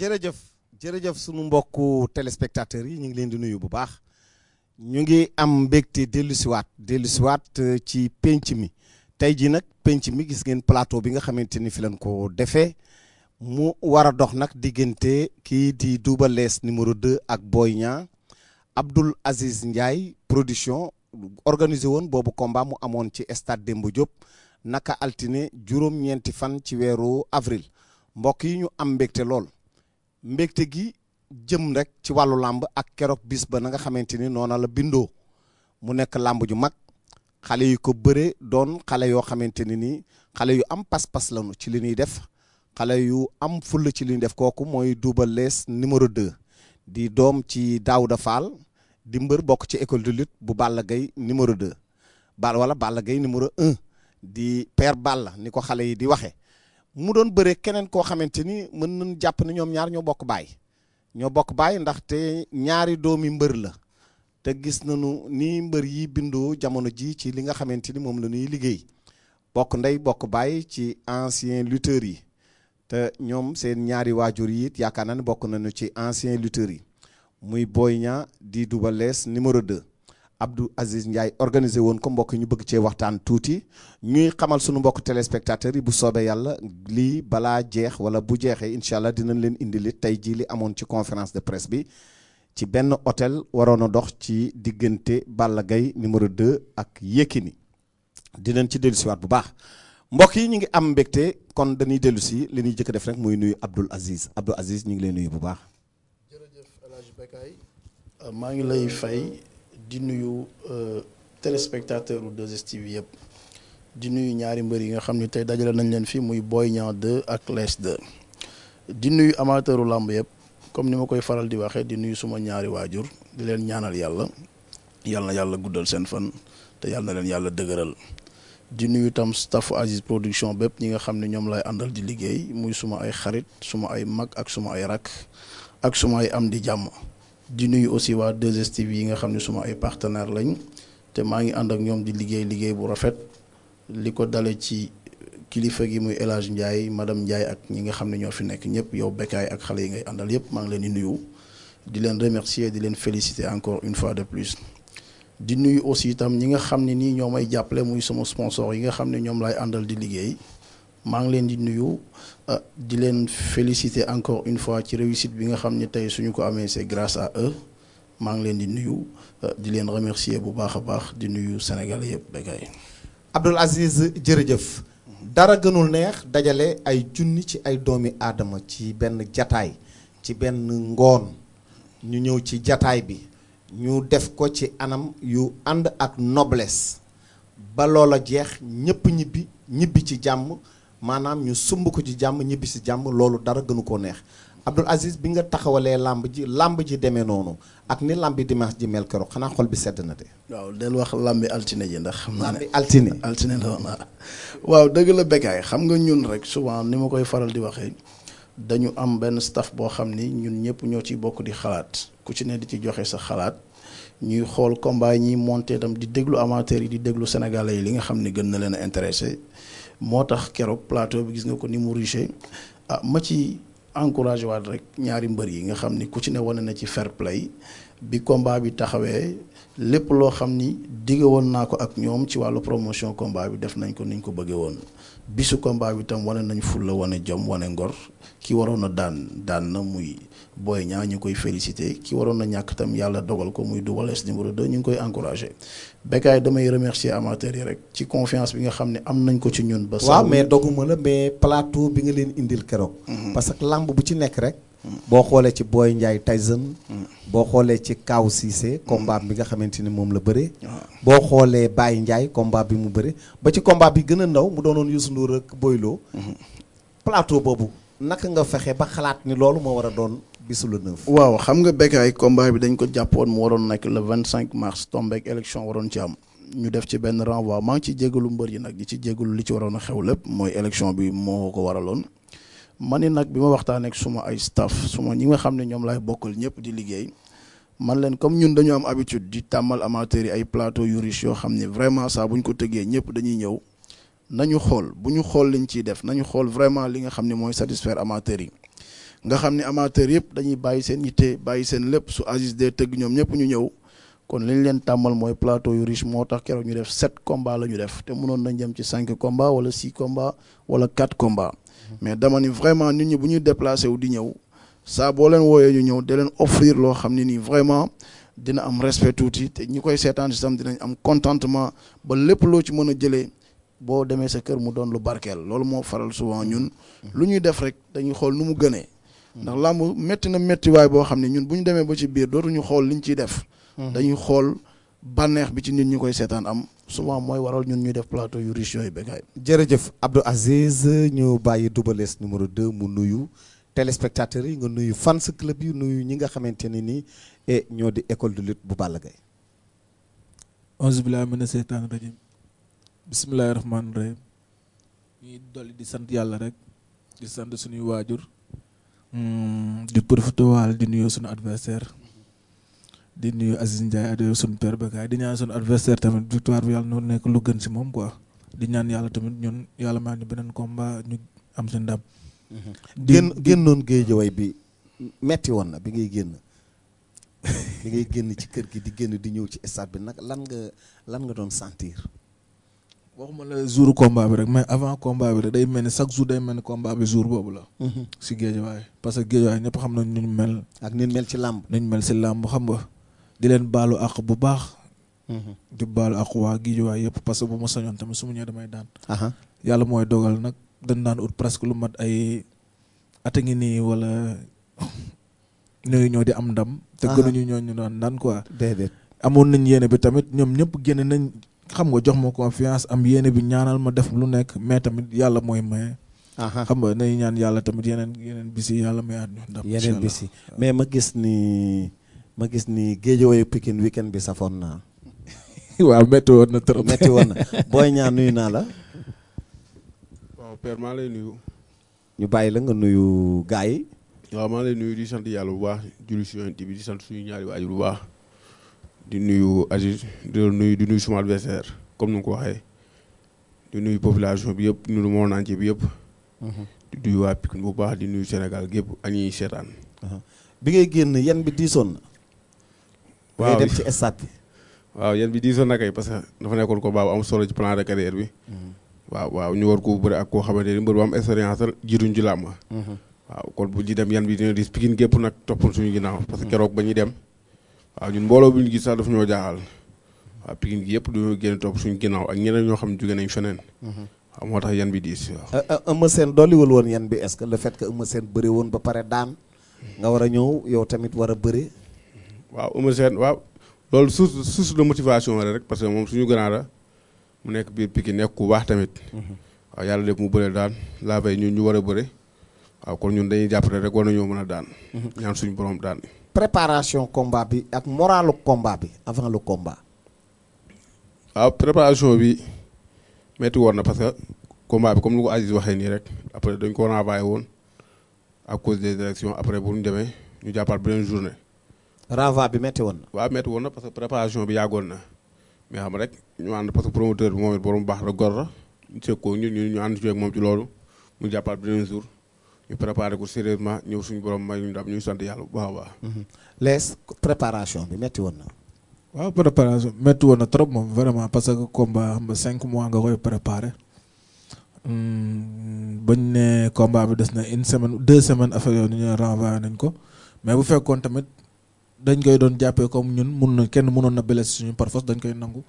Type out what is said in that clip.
jërëjëf jërëjëf sunu mbokku téléspectateurs yi ñu ngi leen di nuyu bu baax ñu ngi am mbégte dellusiwaat dellusiwaat euh, ci penc mi tey jii nag penc mi gis ngeen plateau bi nga xamante ni fi lañ ko defee mu war a dox nag diggante kii di Double Less numéro 2 ak Boy Niang Abdoul Aziz Ndiaye production organisé woon boobu combat mu amoon ci stade Demba Diop naka altine juróom-ñeenti fan ci weeru avril mbokk yi ñu am mbégte lool. mbégte gi jëm rek ci wàllu làmb ak keroog bis ba na nga xamante ni noona la bindoo mu nekk làmb ju mag xale yi ko bëre doon xale yoo xamante ni nii xale yu am pas-pas lañu ci li ñuy def xale yu am fulla ci li ñuy def kooku mooy Double Less numéro 2 di doom ci Daouda Fall di mbër bokk ci école de lutte bu Balla Gaye numéro 2 bal wala Balla Gaye numéro 1 di père Balla ni ko xale yi di waxe mu doon bëre keneen koo xamante ni mën nañ jàpp ne ñoom ñaar ñoo bokk baay ñoo bokk baay ndaxte ñaari doomi mbër la te gis nañu ni mbër yi bindoo jamono ji ci li nga xamante ni moom la ñuy liggéey bokk ndey bokk baay ci ancien lutteurs yi te ñoom seen ñaari waajur yit it yaakaar naa ne bokk nañu ci ancien lutteurs yi muy Boy Niang di Double numéro 2 Abdou Aziz Ndiaye organisé woon ko mbokk ñu bëgg cee waxtaan tuuti ñuy xamal suñu mbokk téléspectateurs yi bu soobee yàlla lii balaa jeex wala bu jeexee incha allah dinañ leen indi li tey jii li amoon ci conférence de presse bi ci benn hôtel waroon a dox ci diggante Balla gay numéro 2 ak Yékini dinañ ci dellusiwaat bu baax mbokk yi ñu ngi am mbégte kon dañuy dellu si li ñuy jëkk def rek muy nuyu Abdoul Aziz Abdoul Aziz ñu ngi leen nuyu bu baax. Euh, maa ngi lay fay. di nuyu euh, téléspectateur u 2STV yëpp di nuyu ñaari mbër yi nga xam ne tey dajale nañ leen fii muy Boy Niang 2 ak Lac 2 di nuyu amateuru làmb yëpp comme ni ma koy faral di waxee di nuyu suma ñaari waajur di leen ñaanal yàlla yàlla yàlla guddal seen fan te yàlla leen yàlla dëgëral di nuyu itam staff Aziz production bépp ñi nga xam ne ñoom lay àndal di liggéey muy suma ay xarit suma ay mag ak suma ay rakk ak suma ay am di jàmm di nuyu aussi waa 2STV yi nga xam ne suma ay partenaires lañ te maa ngi ànd ak ñoom di liggéey liggéey bu rafet li ko dalee ci kilifa gi muy élage Hadj Ndiaye madame Ndiaye ak ñi nga xam ne ñoo fi nekk ñëpp yow bekkaay ak xale yi ngay àndal yëpp maa ngi leen di nuyu di leen remercier di leen féliciter encore une fois de plus. di nuyu aussi itam ñi nga xam ne nii ñoo may jàppale muy suma sponsor yi nga xam ne ñoom laay àndal di liggéey. maa ngi leen di nuyu euh, di leen féliciter encore une fois ci réussite bi nga xam ne tey suñu ko amee c'est grâce à eux maa ngi leen di nuyu euh, di leen remercier bu baax a baax di nuyu Sénégalais yëpp béykat yi. Abdoul Aziz jërëjëf. dara gënul neex dajale ay junni ci ay doomi aadama ci benn jataay ci benn ngoon ñu ñëw ci jataay bi ñu def ko ci anam yu ànd ak nobles ba loola jeex ñépp ñibbi ñibbi ci jàmm. maanaam ñu sumb ko ci jàmm ñibbi si jàmm loolu dara gënu koo neex Abdoul Aziz bi nga taxawalee làmb ji làmb ji demee noonu ak ni làmbi dimanche ji mel keroog xanaa xol bi sedd na de. waaw del wax làmbi altine ji ndax. xam naa ne altine altine la woon waaw dëgg la Bécaye xam nga ñun rek souvent ni ma koy faral di waxee dañu am benn staff boo xam ni ñun ñëpp ñoo ciy bokk di xalaat ku ci ne di ci joxe sa xalaat. ñuy xool combat ñi monté itam di déglu amateurs yi di déglu sénégalais yi li nga xam ni gën na leen a intéressé moo tax keroog plateau bi gis nga ko ni mu riche ah ma ci encouragé waat rek ñaari mbër yi nga xam ni ku ci ne wane na ci fair play bi combat bi taxawee lépp loo xam ni digge woon naa ko ak ñoom ci wàllu promotion combat bi def nañ ko niñ ko bëggee woon bisu combat bi tam wane nañ fulla wane jom wane ngor ki waroon a daan daan na muy Boy Niang ñu koy félicité ki waroon na ñàkk tam yàlla dogal ko muy Double Less numéro de ñu ngi koy encouragé Bécaye damay remercier amateur yi rek ci confiance bi nga xam ne am nañ ko ci ñun. ba waaw mais doguma la mais plateau bi nga leen indil keroog. Mhm. parce que lamb bu ci nekk rek. boo xoolee ci Boy Ndiaye Tyson boo xoolee ci Kaw Cissé combat bi nga xamante ni moom la bëree boo xoolee Baye Ndiaye combat bi mu bëre ba ci combat bi gën a ndaw mu doonoon Youssou Ndour ak Boy Lo boobu naka nga fexe ba xalaat ni loolu moo war a doon bisu le 9 waaw xam nga Bécaye combat bi dañ ko jàppoon mu waroon nekk vingt cinq mars tombeek élection waroon ci am ñu def ci benn renvoi maa ngi ci jégalu mbër yi nag di ci jégalu li ci waroon a xew lépp mooy élection bi moo ko waraloon ma ni nag bi ma waxtaanee ak suma ay staff suma ñi nga xam ne ñoom lay bokkal ñëpp di liggéey man leen comme ñun dañoo am habitude di tàmmal amateurs yi ay plateau yu riche yoo xam ne vraiment saa bu ñu ko tëggee ñëpp dañuy ñëw nañu xool bu ñu xool liñ ciy def nañu xool vraiment li nga xam ne mooy satisfaire amateurs yi nga xam ne amateurs yëpp dañuy bàyyi seen yitte bàyyi seen lépp su Aziz dee tëgg ñoom ñëpp ñu ñëw kon li leen tàmmal mooy plateau yu riche moo tax keroog ñu def sept combats la ñu def te mënoon na jëm ci cinq combats wala six combats wala quatre combats mhm. mais dama ni vraiment nit ñi bu ñuy déplacé wu di ñëw saa boo leen wooyee ñu ñëw da leen offrir loo xam ne nii vraiment dina am respect tuuti te ñi koy seetaan si tam dinañ am contentement ba lépp loo ci mën a jëlee boo demee sa kër mu doon lu barkeel loolu moo faral souvent ñun mhm. lu ñuy def rek dañuy xool nu mu gënee. ndax làmb métti na méttiwaay boo xam ne ñun bu ñu demee ba ci biir dootuñu xool liñ ciy def. Mhm. dañuy xool bànneex bi ci nit ñu koy seetaan am souvent mooy waral ñun ñuy def plateau yu riche yooyu béykat yi. jërëjëf Abdou Aziz ñu bàyyi Double Less numéro 2 mu nuyu téléspectateurs yi nga nuyu fan fans club yi nuyu ñi nga xamante ne nii et ñoo di école de lutte bu Balla Gaye. auzu billaahi mina seytaani rajiim bismillaahi rahmaani rahiim ñuy dolli di sant yàlla rek di sant suñuy waajur. Hmm, di profité waal di nuyu suñu adversaire di nuyu Aziz Ndiaye adoyo suñu père Bekaay di ñaan suñu adversaire tamit victoire bi yàlla noonu nekk lu gën si moom quoi di ñaan yàlla tamit ñun yàlla maa ñu beneen combat ñu am si ndam. Mhm. di génn génnoon géejawaay bi metti woon na bi ngay génn. bi ngay génn ci kër gi di génn di ñëw ci stade bi nag lan nga lan nga doon sentir. waxuma la jour combat bi rek mais avant combat bi rek day mel ni chaque jour day mel ni combat bi jour boobu la. Mhm. si géejawaay parce que géejawaay ñëpp xam nañ ñu mel. ak ñu mel ci làmb. si làmb xam nga di leen baalu àq bu baax. Mhm. di baalu àq waa géejawaay yëpp parce que bu ma sañoon tamit su ma ñëwee damay daan. yàlla mooy dogal nag dañ daan ut lu mat ay at ngi nii wala ñooy ñoo di am ndam. te gënuñu ñoo daan daan quoi. xam nga jox ma confiance am yéene bi ñaanal ma def lu nekk mais tamit yàlla mooy maye. xam nga nañu ñaan yàlla tamit yeneen yeneen bis yi yàlla mayaat ñu ndam. yeneen bis yi mais ma gis ni ma gis ni Guédiawaye Pikine weekend bi safoon naa. waaw métti woon na trop métti woon na Boy Niang nuyu naa la. waaw père maa lay nuyu. ñu bàyyi la nga nuyu gars yi. waaw maa lay nuyu di sant yàlla bu baax julli si yonent bi di sant suñu ñaari waajur bu baax. di nuyu Aziz di nuyu di nuyu suma adversaire comme ni nga ko waxee di nuyu population bi yëpp di moo monde entier bi yëpp. Mhm. di nuyu waa Pikine bu baax di nuyu Sénégal gépp añuy seetaan. Mhm. bi ngay génn yan bi diisoon na. waaw ngay dem ci stade bi. waaw yan bi diisoon na kay parce que dafa nekkoon ko baabu am solo ci plan de bi. Mhm. waaw waaw ñu war ko bëri ak koo xamante ni mbër bu am expérience la jiituñ ci làmb. waaw kon bu ñuy dem yan bi dina diis Pikine gépp nag toppal suñu ginnaaw. parce que keroog ba ñuy dem. waaw ñun mbooloo bu ñu gis sax daf ñoo jaaxal waaw Pikine gi yëpp dañoo génn topp suñu ginnaaw ak ñeneen ñoo xam ne jóge nañ feneen. Mhm. waaw moo tax yan bi diis seen euh, euh, Eumeu Sène dolliwul woon yan bi est-ce que le fait que Eumeu Sène woon ba pare daan nga war a ñëw yow tamit war a bëri. waaw Eumeu Sène waaw loolu source source de motivation la rek parce que moom suñu grand la mu nekk biir Pikine nekk ku baax tamit. Mhm. waaw yàlla def mu bëre daan laa bay ñun ñu war a bëri waaw kon ñun dañu jàppale rek war nañoo mën a daan. Mhm. ñaan suñu borom daan. préparation combat bi ak moralu combat bi avant le combat. waaw ah, préparation bi métti woon na parce que combat bi comme ni ko Aziz waxee nii rek après dañ ko renvoyé woon à cause des élections après bu ñu demee ñu jàppaat beneen journée. renvoi bi métti woon na. waaw métti na parce que préparation bi yàggoon na mais xam rek ñu ànd parce que promoteur bi moom it borom baax la gor la ñu seq ñu ànd ci moom ci loolu mu jàppaat beneen jour. ñu préparé ko sérieusement ñëw suñu borom may ñu ndam ñuy sant yàlla bu baax a mhm. préparation bi métti woon na. waaw préparation métti woon na trop moom vraiment parce que combat xam nga cinq mois nga koy préparé hmm, bañ ne combat bi des na une semaine deux semaines affaire yooyu ñu renvoyé nañ ko mais bu fekkoon tamit dañ koy doon jàppee comme ñun mun na kenn mënoon na blessé suñu par force dañ koy nangu.